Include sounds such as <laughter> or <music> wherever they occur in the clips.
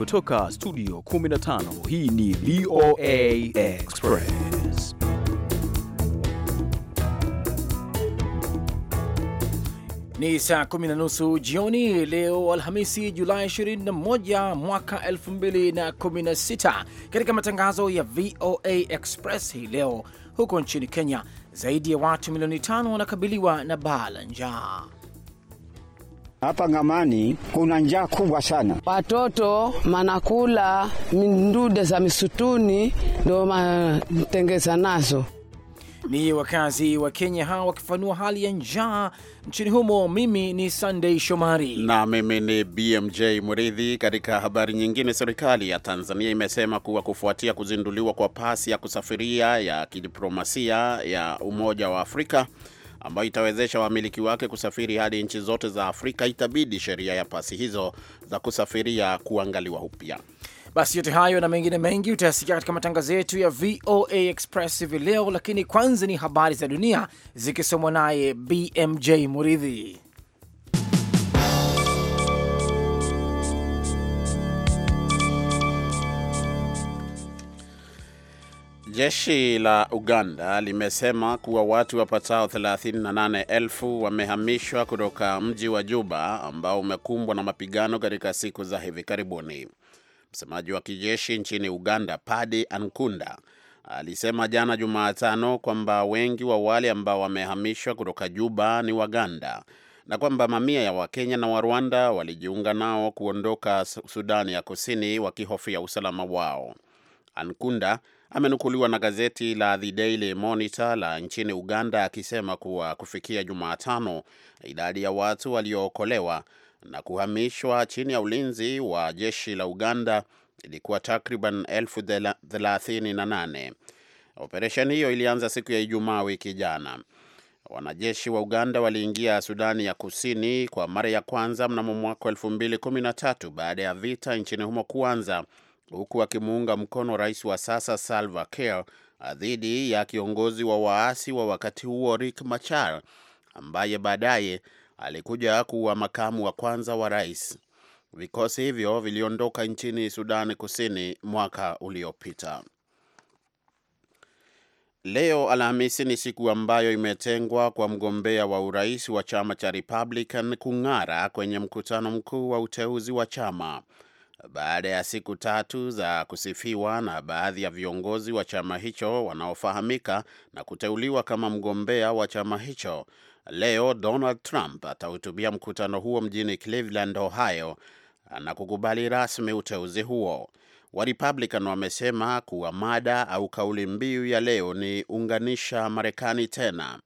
kutoka studio 15 hii ni VOA Express ni saa kumi na nusu jioni leo Alhamisi Julai 21 mwaka 2016 katika matangazo ya VOA Express hii leo huko nchini Kenya zaidi ya watu milioni tano wanakabiliwa na baa la njaa hapa Ngamani kuna njaa kubwa sana, watoto manakula mindude za misutuni ndo matengeza nazo. Ni wakazi wa Kenya hawa wakifanua hali ya njaa nchini humo. Mimi ni Sunday Shomari na mimi ni BMJ Muridhi. Katika habari nyingine, serikali ya Tanzania imesema kuwa kufuatia kuzinduliwa kwa pasi ya kusafiria ya kidiplomasia ya Umoja wa Afrika ambayo itawezesha wamiliki wake kusafiri hadi nchi zote za Afrika, itabidi sheria ya pasi hizo za kusafiria kuangaliwa upya. Basi yote hayo na mengine mengi utayasikia katika matangazo yetu ya VOA Express hivi leo, lakini kwanza ni habari za dunia zikisomwa naye BMJ Muridhi. Jeshi la Uganda limesema kuwa watu wapatao 38,000 wamehamishwa kutoka mji wa Juba ambao umekumbwa na mapigano katika siku za hivi karibuni. Msemaji wa kijeshi nchini Uganda, Padi Ankunda, alisema jana Jumatano kwamba wengi wa wale ambao wamehamishwa kutoka Juba ni Waganda na kwamba mamia ya Wakenya na Warwanda walijiunga nao kuondoka Sudani ya Kusini wakihofia usalama wao. Ankunda amenukuliwa na gazeti la The Daily Monitor la nchini Uganda akisema kuwa kufikia Jumatano idadi ya watu waliookolewa na kuhamishwa chini ya ulinzi wa jeshi la Uganda ilikuwa takriban elfu thelathini na nane. Operesheni hiyo ilianza siku ya Ijumaa wiki jana. Wanajeshi wa Uganda waliingia Sudani ya Kusini kwa mara ya kwanza mnamo mwaka 213 baada ya vita nchini humo kuanza huku akimuunga mkono rais wa sasa Salva Kiir dhidi ya kiongozi wa waasi wa wakati huo Riek Machar ambaye baadaye alikuja kuwa makamu wa kwanza wa rais. Vikosi hivyo viliondoka nchini Sudan Kusini mwaka uliopita. Leo Alhamisi ni siku ambayo imetengwa kwa mgombea wa urais wa chama cha Republican kung'ara kwenye mkutano mkuu wa uteuzi wa chama baada ya siku tatu za kusifiwa na baadhi ya viongozi wa chama hicho wanaofahamika na kuteuliwa kama mgombea wa chama hicho. Leo Donald Trump atahutubia mkutano huo mjini Cleveland, Ohio na kukubali rasmi uteuzi huo. Warepublican wamesema kuwa mada au kauli mbiu ya leo ni unganisha Marekani tena.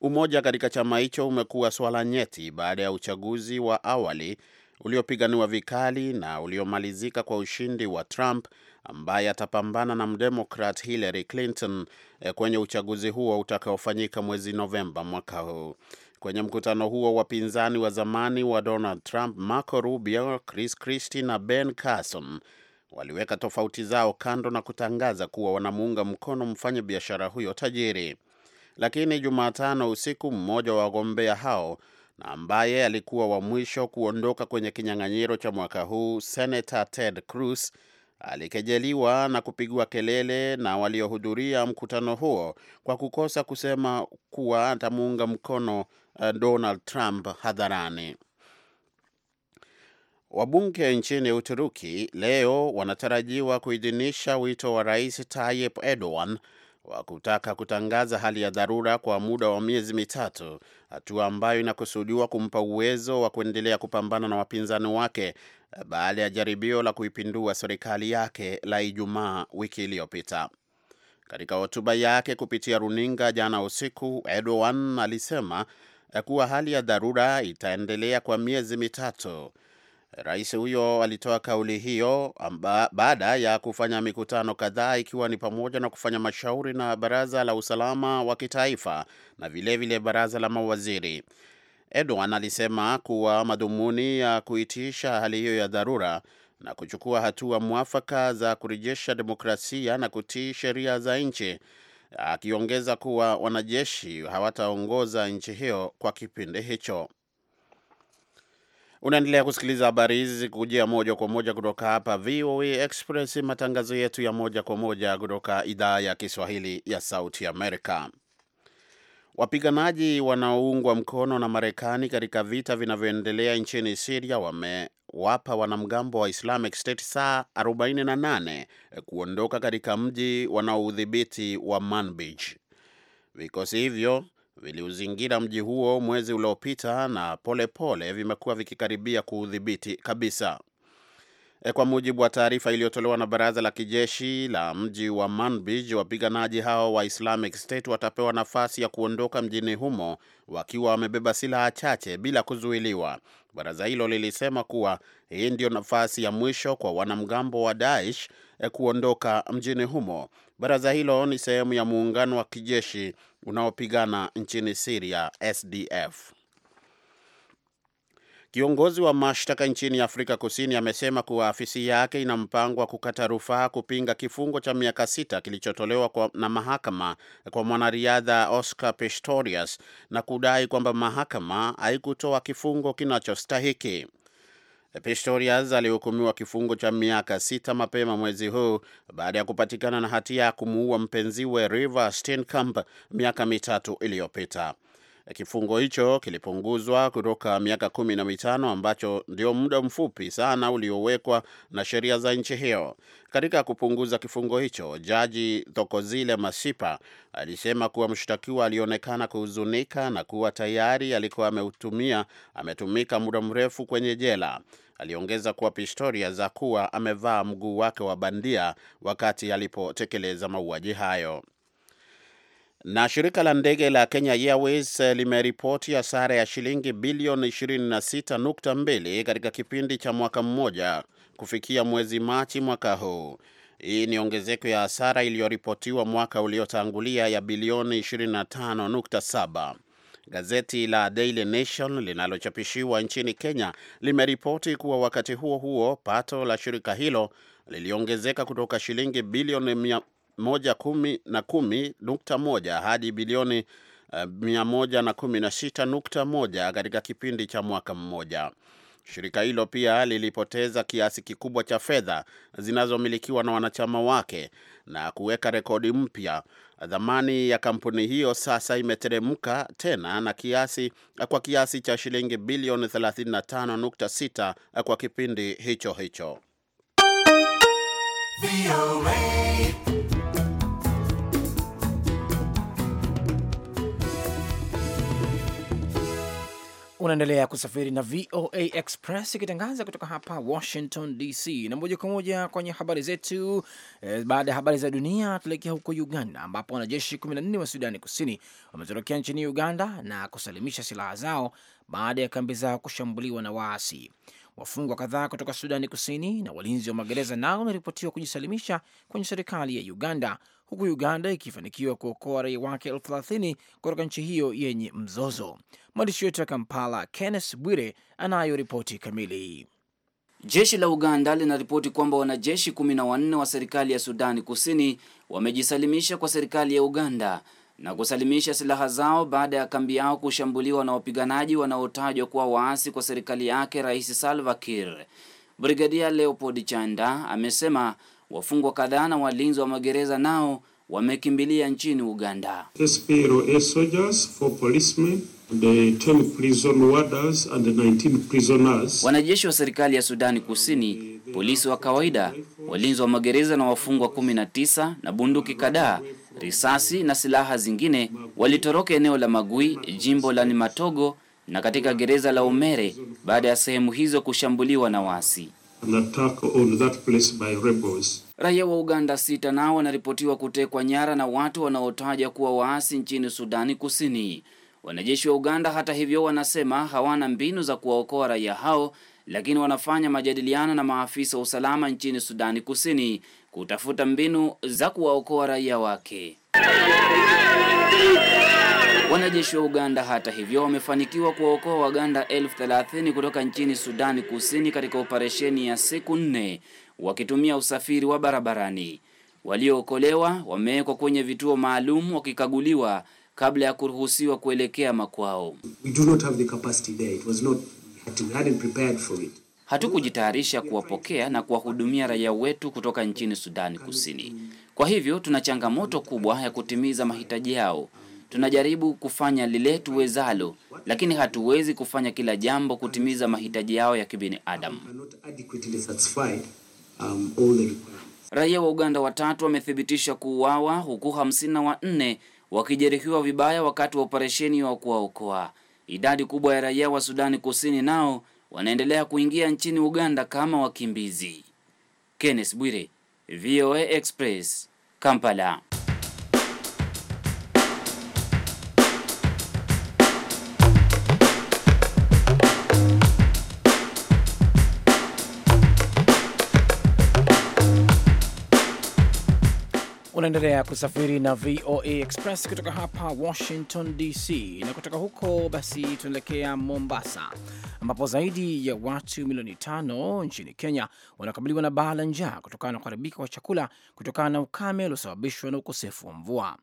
Umoja katika chama hicho umekuwa swala nyeti baada ya uchaguzi wa awali uliopiganiwa vikali na uliomalizika kwa ushindi wa Trump ambaye atapambana na mdemokrat Hillary Clinton eh, kwenye uchaguzi huo utakaofanyika mwezi Novemba mwaka huu. Kwenye mkutano huo, wapinzani wa zamani wa Donald Trump, Marco Rubio, Chris Christie na Ben Carson waliweka tofauti zao kando na kutangaza kuwa wanamuunga mkono mfanya biashara huyo tajiri. Lakini Jumatano usiku mmoja wa wagombea hao na ambaye alikuwa wa mwisho kuondoka kwenye kinyang'anyiro cha mwaka huu, Senator Ted Cruz alikejeliwa na kupigwa kelele na waliohudhuria mkutano huo kwa kukosa kusema kuwa atamuunga mkono eh, Donald Trump hadharani. Wabunge nchini Uturuki leo wanatarajiwa kuidhinisha wito wa Rais Tayyip Erdogan wa kutaka kutangaza hali ya dharura kwa muda wa miezi mitatu, hatua ambayo inakusudiwa kumpa uwezo wa kuendelea kupambana na wapinzani wake baada ya jaribio la kuipindua serikali yake la Ijumaa wiki iliyopita. Katika hotuba yake kupitia runinga jana usiku, Erdogan alisema kuwa hali ya dharura itaendelea kwa miezi mitatu Rais huyo alitoa kauli hiyo baada ya kufanya mikutano kadhaa ikiwa ni pamoja na kufanya mashauri na baraza la usalama wa kitaifa na vilevile vile baraza la mawaziri. Erdogan alisema kuwa madhumuni ya kuitisha hali hiyo ya dharura na kuchukua hatua mwafaka za kurejesha demokrasia na kutii sheria za nchi, akiongeza kuwa wanajeshi hawataongoza nchi hiyo kwa kipindi hicho. Unaendelea kusikiliza habari hizi zikikujia moja kwa moja kutoka hapa VOA Express, matangazo yetu ya moja kwa moja kutoka idhaa ya Kiswahili ya Sauti Amerika. Wapiganaji wanaoungwa mkono na Marekani katika vita vinavyoendelea nchini Siria wamewapa wanamgambo wa Islamic State saa 48 kuondoka katika mji wanaoudhibiti wa Manbij. Vikosi hivyo viliuzingira mji huo mwezi uliopita na polepole vimekuwa vikikaribia kuudhibiti kabisa. E, kwa mujibu wa taarifa iliyotolewa na baraza la kijeshi la mji wa Manbij, wapiganaji hao wa Islamic State watapewa nafasi ya kuondoka mjini humo wakiwa wamebeba silaha chache bila kuzuiliwa. Baraza hilo lilisema kuwa hii ndio nafasi ya mwisho kwa wanamgambo wa Daesh e, kuondoka mjini humo. Baraza hilo ni sehemu ya muungano wa kijeshi unaopigana nchini Siria, SDF. Kiongozi wa mashtaka nchini Afrika Kusini amesema kuwa afisi yake ina mpango wa kukata rufaa kupinga kifungo cha miaka sita kilichotolewa na mahakama kwa mwanariadha Oscar Pistorius na kudai kwamba mahakama haikutoa kifungo kinachostahiki. Pistorius alihukumiwa kifungo cha miaka sita mapema mwezi huu baada ya kupatikana na hatia ya kumuua mpenziwe river Steenkamp miaka mitatu iliyopita. Eh, kifungo hicho kilipunguzwa kutoka miaka kumi na mitano ambacho ndio muda mfupi sana uliowekwa na sheria za nchi hiyo. Katika kupunguza kifungo hicho, Jaji Thokozile Masipa alisema kuwa mshtakiwa alionekana kuhuzunika na kuwa tayari alikuwa ameutumia ametumika muda mrefu kwenye jela. Aliongeza kuwa Pistorius kuwa amevaa mguu wake wa bandia wakati alipotekeleza mauaji hayo. Na shirika la ndege la Kenya Airways eh, limeripoti hasara ya shilingi bilioni 26.2 katika kipindi cha mwaka mmoja kufikia mwezi Machi mwaka huu. Hii ni ongezeko ya hasara iliyoripotiwa mwaka uliotangulia ya bilioni 25.7. Gazeti la Daily Nation linalochapishiwa nchini Kenya limeripoti kuwa wakati huo huo pato la shirika hilo liliongezeka kutoka shilingi bilioni moja kumi na kumi nukta moja hadi bilioni uh, mia moja na kumi na sita nukta moja katika kipindi cha mwaka mmoja. Shirika hilo pia lilipoteza kiasi kikubwa cha fedha zinazomilikiwa na wanachama wake na kuweka rekodi mpya. Dhamani ya kampuni hiyo sasa imeteremka tena na kiasi, kwa kiasi cha shilingi bilioni 35.6 kwa kipindi hicho hicho. Unaendelea kusafiri na VOA Express ikitangaza kutoka hapa Washington DC, na moja kwa moja kwenye habari zetu. E, baada ya habari za dunia tuelekea huko Uganda ambapo wanajeshi 14 wa Sudani Kusini wametorokea nchini Uganda na kusalimisha silaha zao baada ya kambi zao kushambuliwa na waasi. Wafungwa kadhaa kutoka Sudani Kusini na walinzi wa magereza nao wameripotiwa kujisalimisha kwenye serikali ya Uganda huku Uganda ikifanikiwa kuokoa raia wake elfu thelathini kutoka nchi hiyo yenye mzozo. Mwandishi wetu wa Kampala, Kenneth Bwire, anayo ripoti kamili. Jeshi la Uganda linaripoti kwamba wanajeshi kumi na wanne wa serikali ya Sudani Kusini wamejisalimisha kwa serikali ya Uganda na kusalimisha silaha zao baada ya kambi yao kushambuliwa na wapiganaji wanaotajwa kuwa waasi kwa serikali yake Rais Salva Kiir. Brigadia Leopold Chanda amesema Wafungwa kadhaa na walinzi wa magereza nao wamekimbilia nchini Uganda. Wanajeshi wa serikali ya Sudani Kusini, polisi wa kawaida, walinzi wa magereza na wafungwa 19 na bunduki kadhaa, risasi na silaha zingine walitoroka eneo la Magui, jimbo la Matogo na katika gereza la Umere baada ya sehemu hizo kushambuliwa na waasi an attack on that place by rebels. Raia wa Uganda sita nao wanaripotiwa kutekwa nyara na watu wanaotaja kuwa waasi nchini Sudani Kusini. Wanajeshi wa Uganda hata hivyo wanasema hawana mbinu za kuwaokoa raia hao, lakini wanafanya majadiliano na maafisa wa usalama nchini Sudani Kusini kutafuta mbinu za kuwaokoa raia wake. Wanajeshi wa Uganda hata hivyo wamefanikiwa kuwaokoa Waganda elfu thelathini kutoka nchini Sudani Kusini katika operesheni ya siku nne wakitumia usafiri wa barabarani. Waliookolewa wamewekwa kwenye vituo maalum wakikaguliwa kabla ya kuruhusiwa kuelekea makwao. Hatukujitayarisha kuwapokea na kuwahudumia raia wetu kutoka nchini Sudani Kusini. Kwa hivyo tuna changamoto kubwa ya kutimiza mahitaji yao. Tunajaribu kufanya lile tuwezalo, lakini hatuwezi kufanya kila jambo kutimiza mahitaji yao ya kibinadamu. raia wa Uganda watatu wamethibitisha kuuawa huku hamsini na wanne wakijeruhiwa vibaya wakati wa operesheni wa kuwaokoa. Idadi kubwa ya raia wa Sudani Kusini nao wanaendelea kuingia nchini Uganda kama wakimbizi. Kenneth Bwire, VOA Express, Kampala. Unaendelea kusafiri na VOA Express kutoka hapa Washington DC, na kutoka huko basi tunaelekea Mombasa, ambapo zaidi ya watu milioni tano nchini Kenya wanakabiliwa na baa la njaa kutokana na kuharibika kwa chakula kutokana na ukame uliosababishwa na ukosefu wa mvua.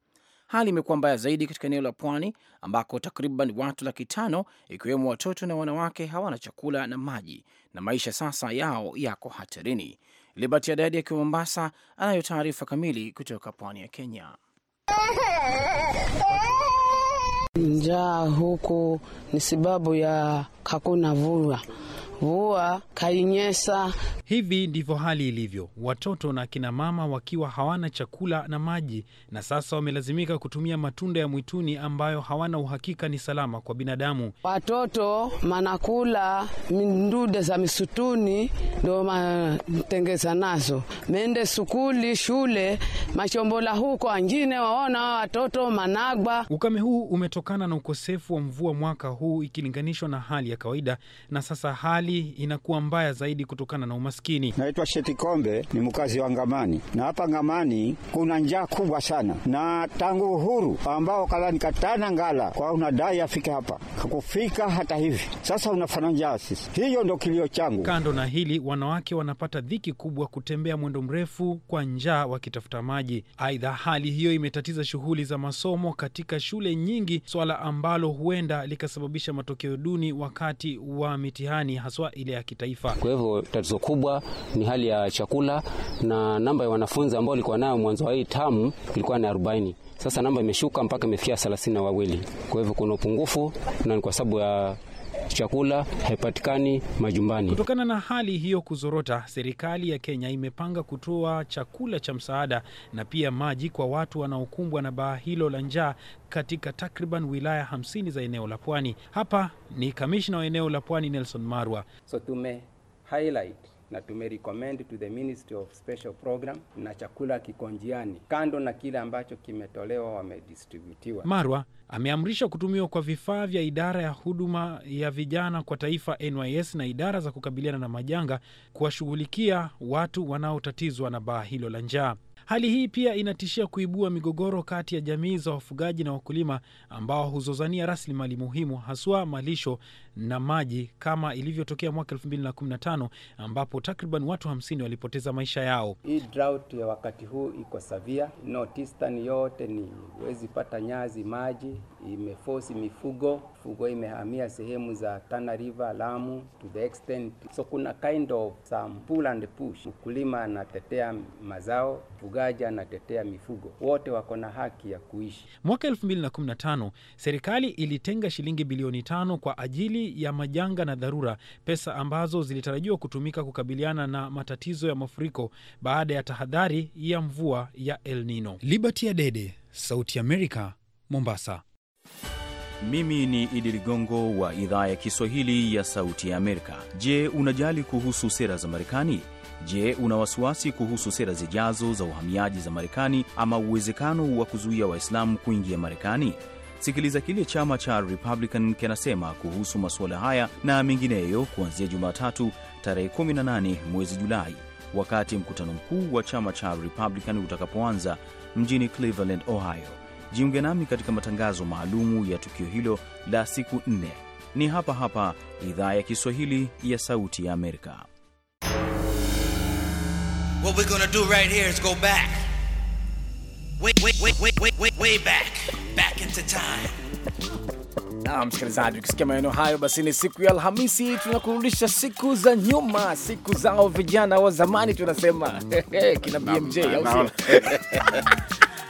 Hali imekuwa mbaya zaidi katika eneo la pwani ambako takriban watu laki tano ikiwemo watoto na wanawake hawana chakula na maji, na maisha sasa yao yako hatarini. Liberty Adadi akiwa Mombasa anayo taarifa kamili kutoka pwani ya Kenya. Njaa huku ni sababu ya hakuna vua vua kainyesa. Hivi ndivyo hali ilivyo, watoto na akina mama wakiwa hawana chakula na maji, na sasa wamelazimika kutumia matunda ya mwituni ambayo hawana uhakika ni salama kwa binadamu. Watoto manakula mindude za misutuni, ndo matengeza nazo mende sukuli shule machombola huko angine waona watoto managwa. Ukame huu umetokana na ukosefu wa mvua mwaka huu ikilinganishwa na hali ya kawaida, na sasa hali hali inakuwa mbaya zaidi kutokana na umaskini. Naitwa Sheti Kombe, ni mkazi wa Ngamani, na hapa Ngamani kuna njaa kubwa sana, na tangu uhuru ambao kalanikatana ngala kwa unadai afike hapa kakufika hata hivi sasa, unafanya njaa sisi. Hiyo ndo kilio changu. Kando na hili, wanawake wanapata dhiki kubwa kutembea mwendo mrefu kwa njaa wakitafuta maji. Aidha, hali hiyo imetatiza shughuli za masomo katika shule nyingi, swala ambalo huenda likasababisha matokeo duni wakati wa mitihani hasa haswa ile ya kitaifa. Kwa hivyo tatizo kubwa ni hali ya chakula, na namba ya wanafunzi ambao walikuwa nayo mwanzo wa hii tamu ilikuwa ni 40. Sasa namba imeshuka mpaka imefikia thelathini na wawili. Kwa hivyo kuna upungufu na ni kwa sababu ya chakula haipatikani majumbani. Kutokana na hali hiyo kuzorota, serikali ya Kenya imepanga kutoa chakula cha msaada na pia maji kwa watu wanaokumbwa na baa hilo la njaa katika takriban wilaya 50 za eneo la Pwani. Hapa ni kamishna wa eneo la Pwani Nelson Marwa. So tume highlight na tumerecommend to the Ministry of Special Program na chakula kiko njiani, kando na kile ambacho kimetolewa wamedistributiwa. Marwa ameamrisha kutumiwa kwa vifaa vya idara ya huduma ya vijana kwa taifa NYS na idara za kukabiliana na majanga kuwashughulikia watu wanaotatizwa na baa hilo la njaa. Hali hii pia inatishia kuibua migogoro kati ya jamii za wafugaji na wakulima ambao huzozania rasilimali muhimu haswa malisho na maji kama ilivyotokea mwaka 2015 ambapo takriban watu 50 walipoteza maisha yao. Hii drought ya wakati huu iko savia, northeastern yote ni huwezi pata nyazi, maji imeforce mifugo, mifugo imehamia sehemu za Tana River, Lamu to the extent, so kuna kind of some pull and push. Mkulima anatetea mazao, mfugaji anatetea mifugo, wote wako na haki ya kuishi. Mwaka 2015 serikali ilitenga shilingi bilioni tano kwa ajili ya majanga na dharura, pesa ambazo zilitarajiwa kutumika kukabiliana na matatizo ya mafuriko baada ya tahadhari ya mvua ya El Nino. Liberty Adede, Sauti Amerika, Mombasa. Mimi ni Idi Ligongo wa idhaa ya Kiswahili ya Sauti ya Amerika. Je, unajali kuhusu sera za Marekani? Je, una wasiwasi kuhusu sera zijazo za uhamiaji za Marekani ama uwezekano wa kuzuia Waislamu kuingia Marekani? Sikiliza kile chama cha Republican kinasema kuhusu masuala haya na mengineyo kuanzia Jumatatu tarehe 18 mwezi Julai, wakati mkutano mkuu wa chama cha Republican utakapoanza mjini Cleveland, Ohio. Jiunge nami katika matangazo maalumu ya tukio hilo la siku nne. Ni hapa hapa idhaa ya Kiswahili ya Sauti ya Amerika. What we're gonna do right here is go back. Way, way, way, way, way back. Back into time. Na msikilizaji, ukisikia maneno hayo, basi ni siku ya Alhamisi, tunakurudisha siku za nyuma, siku zao vijana wa zamani, tunasema <laughs> kina BMJ au <laughs>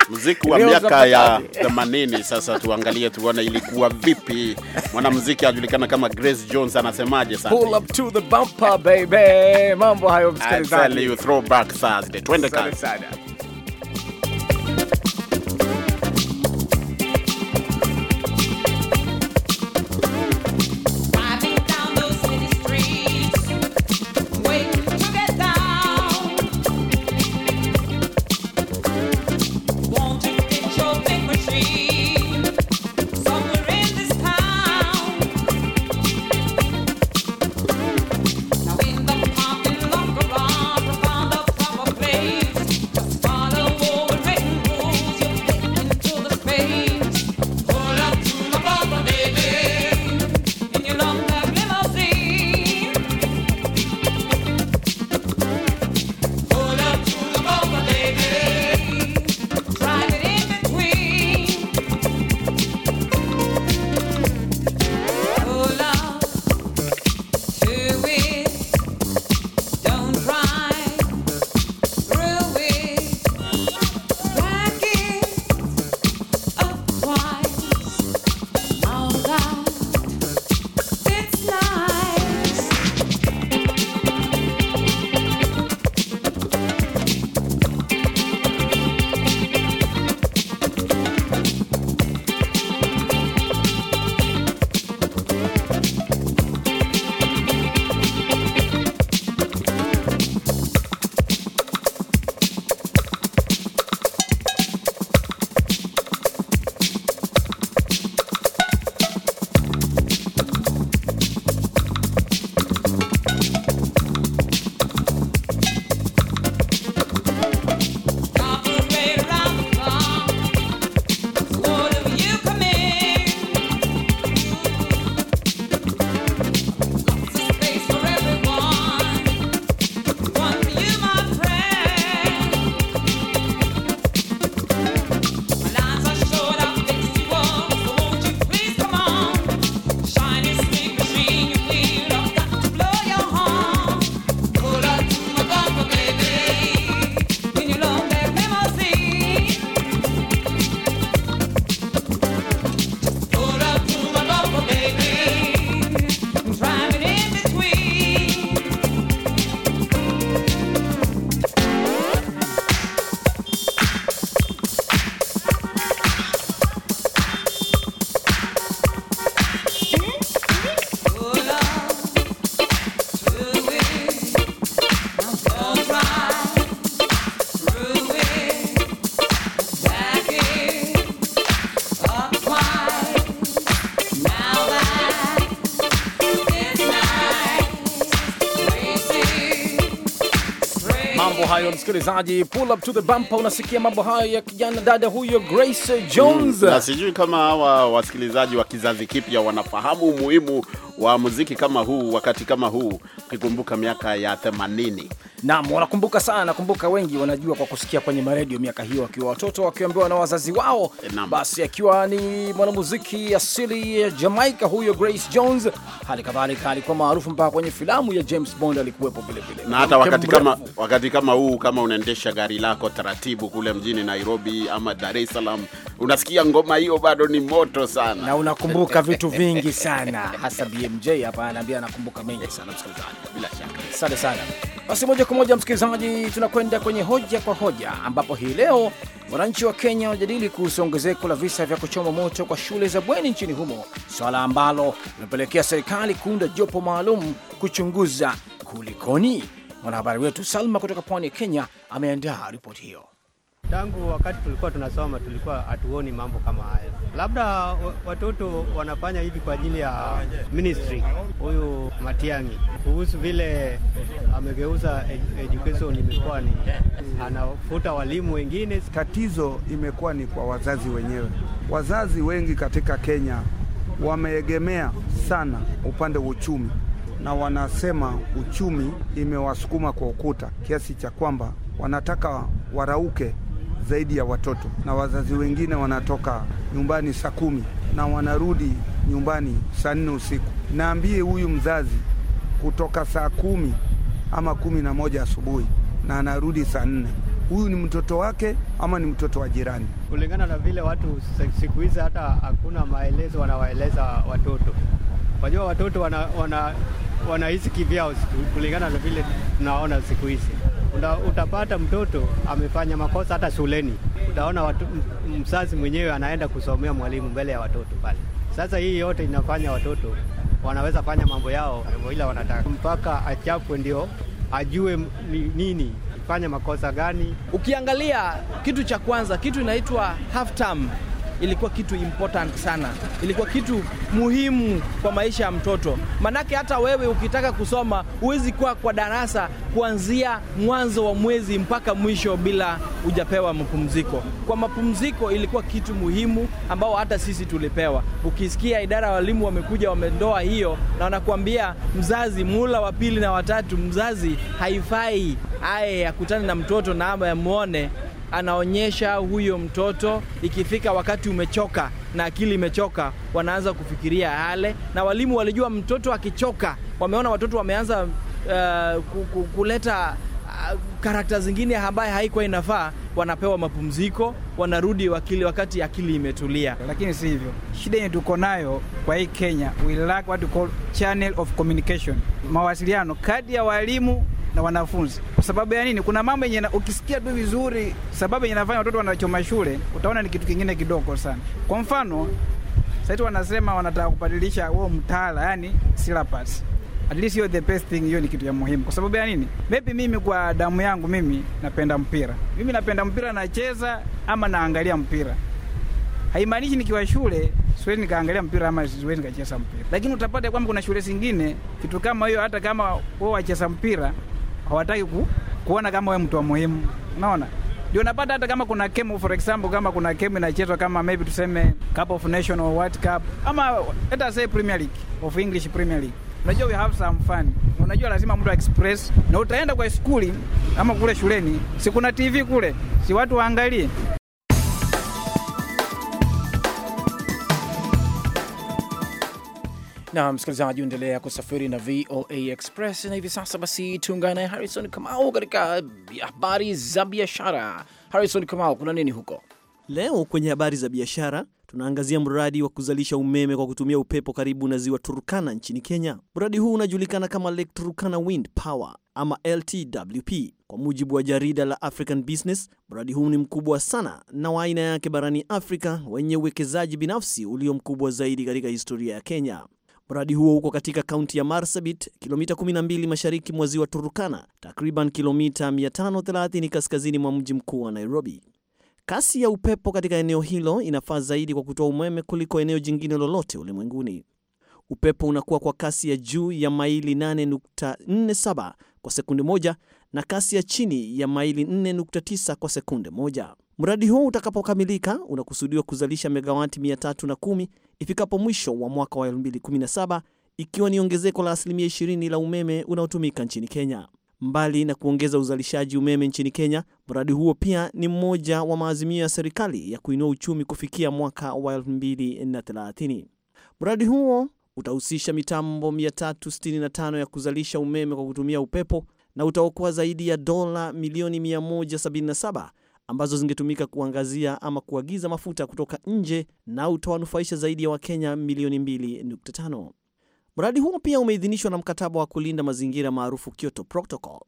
muziki wa miaka ya 80. Sasa tuangalie tuone ilikuwa vipi. Mwanamziki anajulikana kama Grace Jones anasemaje sasa? Pull up to the bumper baby. Mambo hayo msikilizaji. Throwback Thursday. Twende kazi. msikilizaji, pull up to the bumper. Unasikia mambo hayo ya kijana dada huyo Grace Jones mm, na sijui kama hawa wasikilizaji wa kizazi kipya wanafahamu umuhimu wa muziki kama huu wakati kama huu, ukikumbuka miaka ya 80 Naam, wanakumbuka sana, nakumbuka wengi wanajua kwa kusikia kwenye maredio miaka hiyo, wakiwa watoto, wakiambiwa na wazazi wao. Basi akiwa ni mwanamuziki asili ya Jamaica huyo Grace Jones, hali kadhalika alikuwa maarufu mpaka kwenye filamu ya James Bond alikuwepo vile vile. Na hata wakati kama, wakati kama huu kama unaendesha gari lako taratibu kule mjini Nairobi ama Dar es Salaam, unasikia ngoma hiyo bado ni moto sana na unakumbuka vitu vingi sana hasa BMJ hapa anaambia anakumbuka mengi sana msikilizaji, bila shaka. Asante sana. Basi moja kwa moja, msikilizaji, tunakwenda kwenye hoja kwa hoja, ambapo hii leo wananchi wa Kenya wanajadili kuhusu ongezeko la visa vya kuchoma moto kwa shule za bweni nchini humo, swala ambalo limepelekea serikali kuunda jopo maalum kuchunguza kulikoni. Mwanahabari wetu Salma kutoka pwani ya Kenya ameandaa ripoti hiyo. Tangu wakati tulikuwa tunasoma tulikuwa hatuoni mambo kama haya. Labda watoto wanafanya hivi kwa ajili ya ministry huyu Matiangi, kuhusu vile amegeuza education imekuwa ni anafuta walimu wengine. Tatizo imekuwa ni kwa wazazi wenyewe. Wazazi wengi katika Kenya wameegemea sana upande wa uchumi, na wanasema uchumi imewasukuma kwa ukuta kiasi cha kwamba wanataka warauke zaidi ya watoto, na wazazi wengine wanatoka nyumbani saa kumi na wanarudi nyumbani saa nne usiku. Naambie huyu mzazi kutoka saa kumi ama kumi na moja asubuhi na anarudi saa nne huyu ni mtoto wake ama ni mtoto wa jirani? Kulingana na vile watu siku hizi, hata hakuna maelezo wanawaeleza watoto. Wajua watoto wanahisi wana, wana kivyao kulingana na vile tunaona siku hizi una, utapata mtoto amefanya makosa hata shuleni, utaona watu, mzazi mwenyewe anaenda kusomea mwalimu mbele ya watoto pale. Sasa hii yote inafanya watoto wanaweza fanya mambo yao ila wanataka mpaka achapwe ndio ajue nini fanya makosa gani. Ukiangalia kitu cha kwanza, kitu inaitwa half term ilikuwa kitu important sana, ilikuwa kitu muhimu kwa maisha ya mtoto. Manake hata wewe ukitaka kusoma huwezi kuwa kwa darasa kuanzia mwanzo wa mwezi mpaka mwisho bila hujapewa mapumziko. Kwa mapumziko ilikuwa kitu muhimu ambao hata sisi tulipewa. Ukisikia idara ya walimu wamekuja wamendoa hiyo na wanakuambia mzazi, mula wa pili na watatu, mzazi haifai aye akutane na mtoto na ama yamwone anaonyesha huyo mtoto. Ikifika wakati umechoka na akili imechoka, wanaanza kufikiria yale, na walimu walijua mtoto akichoka, wameona watoto wameanza uh, kuleta uh, eh, karakta zingine ambaye haikuwa inafaa, wanapewa mapumziko, wanarudi wakili wakati akili imetulia. Lakini si hivyo, shida yenye tuko nayo kwa hii Kenya, we lack what we call channel of communication, mawasiliano kati ya walimu na wanafunzi. Kwa sababu ya nini? Kuna mambo yenye ukisikia tu vizuri, sababu yenye nafanya watoto wanachoma shule, utaona ni kitu kingine kidogo sana. Kwa mfano sasa wanasema wanataka kubadilisha huo mtaala, yani syllabus. At least you're the best thing, hiyo ni kitu ya muhimu. Kwa sababu ya nini? Maybe mimi kwa damu yangu mimi napenda mpira, mimi napenda mpira, nacheza ama naangalia mpira. Haimaanishi nikiwa shule siwezi nikaangalia mpira ama siwezi nikacheza mpira, lakini utapata kwamba kuna shule zingine kitu kama hiyo, hata kama wao wacheza mpira hawataki ku, kuona kama wewe mtu wa muhimu, unaona ndio unapata hata kama kuna kemu, for example, kama kuna kemu inachezwa kama maybe tuseme Cup of Nation or World Cup ama let us say Premier League of English Premier League, unajua we have some fun, unajua lazima mtu express, na utaenda kwa skuli ama kule shuleni, si kuna TV kule, si watu waangalie na msikilizaji, uendelea kusafiri na VOA Express na hivi sasa basi tuungane naye Harrison Kamau katika habari za biashara. Harrison Kamau, kuna nini huko leo kwenye habari za biashara? Tunaangazia mradi wa kuzalisha umeme kwa kutumia upepo karibu na ziwa Turkana nchini Kenya. Mradi huu unajulikana kama Lake Turkana Wind Power ama LTWP. Kwa mujibu wa jarida la African Business, mradi huu ni mkubwa sana na wa aina yake barani Afrika wenye uwekezaji binafsi ulio mkubwa zaidi katika historia ya Kenya. Mradi huo uko katika kaunti ya Marsabit, kilomita 12 mashariki mwa ziwa Turukana, takriban kilomita 530 kaskazini mwa mji mkuu wa Nairobi. Kasi ya upepo katika eneo hilo inafaa zaidi kwa kutoa umeme kuliko eneo jingine lolote ulimwenguni. Upepo unakuwa kwa kasi ya juu ya maili 8.47 kwa sekunde moja na kasi ya chini ya maili 4.9 kwa sekunde moja. Mradi huu utakapokamilika unakusudiwa kuzalisha megawati 310 ifikapo mwisho wa mwaka wa 2017 ikiwa ni ongezeko la asilimia 20 la umeme unaotumika nchini Kenya. Mbali na kuongeza uzalishaji umeme nchini Kenya, mradi huo pia ni mmoja wa maazimio ya serikali ya kuinua uchumi kufikia mwaka wa 2030. Mradi huo utahusisha mitambo 365 ya kuzalisha umeme kwa kutumia upepo na utaokoa zaidi ya dola milioni 177 ambazo zingetumika kuangazia ama kuagiza mafuta kutoka nje na utawanufaisha zaidi ya Wakenya milioni 2.5. Mradi huo pia umeidhinishwa na mkataba wa kulinda mazingira maarufu Kyoto Protocol.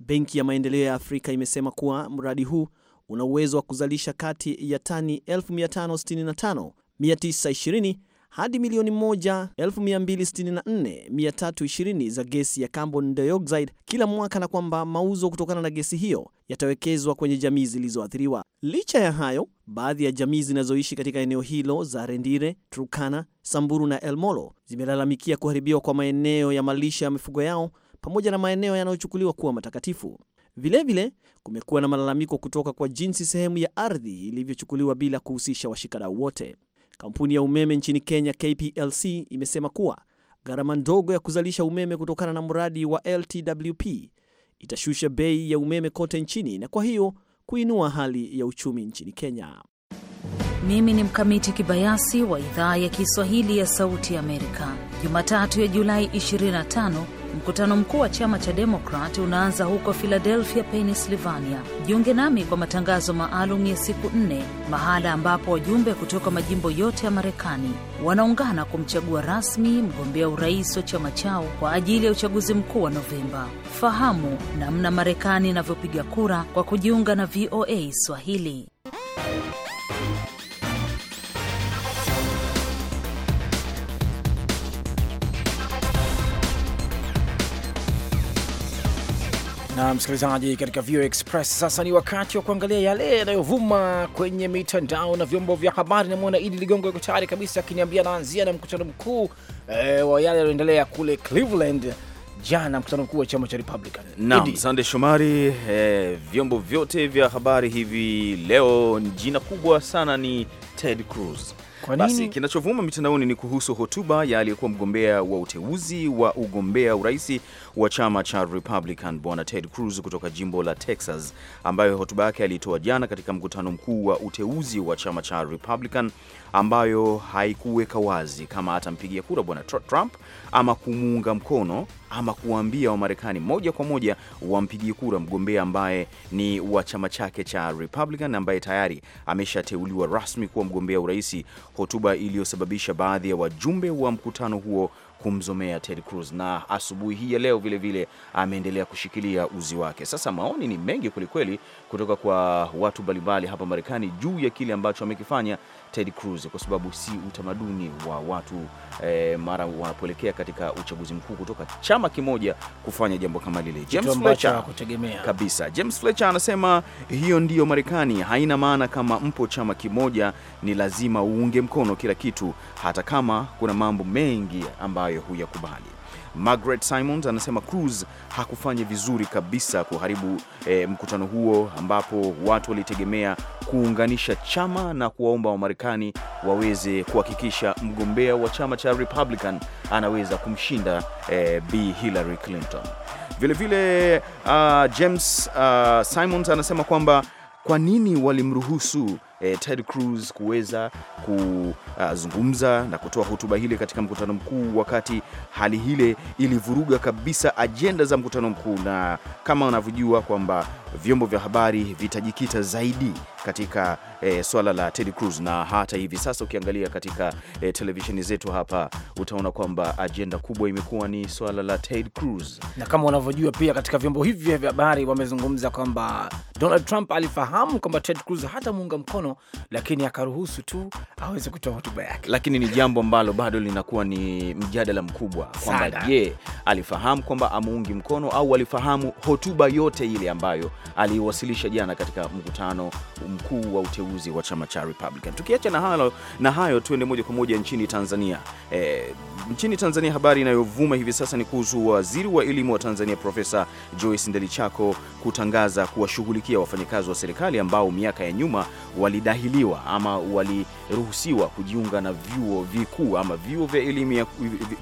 Benki ya Maendeleo ya Afrika imesema kuwa mradi huu una uwezo wa kuzalisha kati ya tani 1565,920 hadi milioni 1,264,320 za gesi ya carbon dioxide kila mwaka, na kwamba mauzo kutokana na gesi hiyo yatawekezwa kwenye jamii zilizoathiriwa. Licha ya hayo, baadhi ya jamii zinazoishi katika eneo hilo za Rendile, Turkana, Samburu na Elmolo zimelalamikia kuharibiwa kwa maeneo ya malisha ya mifugo yao pamoja na maeneo yanayochukuliwa kuwa matakatifu. Vilevile kumekuwa na malalamiko kutoka kwa jinsi sehemu ya ardhi ilivyochukuliwa bila kuhusisha washikadau wote. Kampuni ya umeme nchini Kenya KPLC imesema kuwa gharama ndogo ya kuzalisha umeme kutokana na mradi wa LTWP itashusha bei ya umeme kote nchini na kwa hiyo kuinua hali ya uchumi nchini Kenya. Mimi ni Mkamiti Kibayasi wa idhaa ya Kiswahili ya Sauti ya Amerika. Jumatatu ya Julai 25 Mkutano mkuu wa chama cha Demokrat unaanza huko Philadelphia, Pennsylvania. Jiunge nami kwa matangazo maalum ya siku nne, mahala ambapo wajumbe kutoka majimbo yote ya Marekani wanaungana kumchagua rasmi mgombea urais wa chama chao kwa ajili ya uchaguzi mkuu wa Novemba. Fahamu namna Marekani inavyopiga kura kwa kujiunga na VOA Swahili. na msikilizaji katika Vio Express. Sasa ni wakati wa kuangalia yale yanayovuma kwenye mitandao na vyombo vya habari. Namwona Idi Ligongo yuko tayari kabisa akiniambia anaanzia na mkutano mkuu e, wa yale yanayoendelea kule Cleveland jana, mkutano mkuu wa chama cha Republican. Naam, Sande Shomari. E, vyombo vyote vya habari hivi leo jina kubwa sana ni Ted Cruz kwa nini? Basi kinachovuma mitandaoni ni kuhusu hotuba ya aliyekuwa mgombea wa uteuzi wa ugombea urais wa chama cha Republican Bwana Ted Cruz kutoka jimbo la Texas, ambayo hotuba yake alitoa jana katika mkutano mkuu wa uteuzi wa chama cha Republican, ambayo haikuweka wazi kama atampigia kura Bwana Trump ama kumuunga mkono ama kuwaambia Wamarekani moja kwa moja wampigie kura mgombea ambaye ni wa chama chake cha Republican ambaye tayari ameshateuliwa rasmi kuwa mgombea urais, hotuba iliyosababisha baadhi ya wajumbe wa mkutano huo kumzomea Ted Cruz, na asubuhi hii ya leo vilevile ameendelea kushikilia uzi wake. Sasa maoni ni mengi kwelikweli kutoka kwa watu mbalimbali hapa Marekani juu ya kile ambacho amekifanya Ted Cruz, kwa sababu si utamaduni wa watu eh, mara wanapoelekea katika uchaguzi mkuu kutoka chama kimoja kufanya jambo kama lile. James Fletcher kutegemea kabisa. James Fletcher anasema hiyo ndiyo Marekani, haina maana kama mpo chama kimoja, ni lazima uunge mkono kila kitu hata kama kuna mambo mengi ambayo huyakubali. Margaret Simons anasema Cruz hakufanya vizuri kabisa kuharibu e, mkutano huo ambapo watu walitegemea kuunganisha chama na kuwaomba Wamarekani waweze kuhakikisha mgombea wa chama cha Republican anaweza kumshinda e, eh, b Hillary Clinton. Vilevile uh, ah, James uh, Simons anasema kwamba kwa nini walimruhusu eh, Ted Cruz kuweza kuzungumza na kutoa hotuba hile katika mkutano mkuu, wakati hali hile ilivuruga kabisa ajenda za mkutano mkuu, na kama unavyojua kwamba vyombo vya habari vitajikita zaidi katika e, swala la Ted Cruz, na hata hivi sasa ukiangalia katika e, televisheni zetu hapa utaona kwamba ajenda kubwa imekuwa ni swala la Ted Cruz, na kama unavyojua pia katika vyombo hivi vya habari wamezungumza kwamba Donald Trump alifahamu kwamba Ted Cruz hata muunga mkono, lakini akaruhusu tu aweze kutoa hotuba yake, lakini ni jambo ambalo bado linakuwa ni mjadala mkubwa kwamba je, alifahamu kwamba amuungi mkono au alifahamu hotuba yote ile ambayo aliwasilisha jana katika mkutano mkuu wa uteuzi wa chama cha Republican. Tukiacha na hayo, na hayo tuende moja kwa moja nchini Tanzania. E, nchini Tanzania habari inayovuma hivi sasa ni kuhusu waziri wa elimu wa Tanzania Profesa Joyce Ndalichako kutangaza kuwashughulikia wafanyakazi wa serikali ambao miaka ya nyuma walidahiliwa ama waliruhusiwa kujiunga na vyuo vikuu ama vyuo vya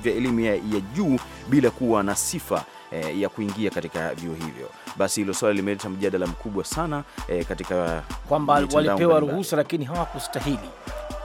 elimu ya juu bila kuwa na sifa eh, ya kuingia katika vyuo hivyo. Basi hilo swala limeleta mjadala mkubwa sana eh, katika kwamba walipewa ruhusa lakini hawakustahili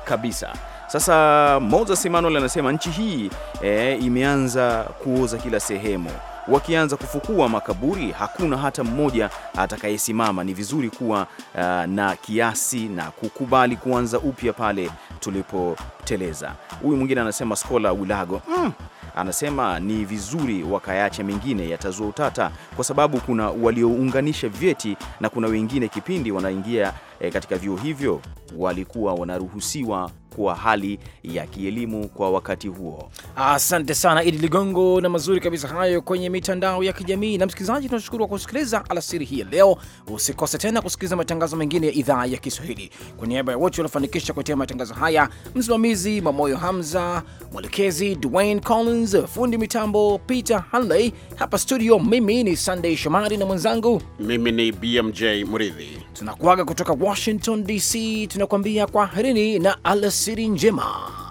kabisa. Sasa Moses Emmanuel anasema nchi hii eh, imeanza kuoza kila sehemu wakianza kufukua makaburi hakuna hata mmoja atakayesimama. Ni vizuri kuwa uh, na kiasi na kukubali kuanza upya pale tulipoteleza. Huyu mwingine anasema Skola Wilago, mm, Anasema ni vizuri wakayaacha, mengine yatazua utata, kwa sababu kuna waliounganisha vyeti na kuna wengine kipindi wanaingia e, katika vyuo hivyo walikuwa wanaruhusiwa kuwa hali ya kielimu kwa wakati huo. Asante sana Idi Ligongo, na mazuri kabisa hayo kwenye mitandao ya kijamii. Na msikilizaji, tunashukuru kwa kusikiliza alasiri hii leo. Usikose tena kusikiliza matangazo mengine ya idhaa ya Kiswahili. Kwa niaba ya wote waliofanikisha kuletea matangazo haya, msimamizi Mamoyo Hamza, mwelekezi Dwayne Collins, fundi mitambo Peter Hanley, hapa studio mimi ni Sunday Shomari na mwenzangu mimi ni BMJ mridhi tunakuaga kutoka Washington DC, tunakuambia kwaherini na alas Alasiri njema.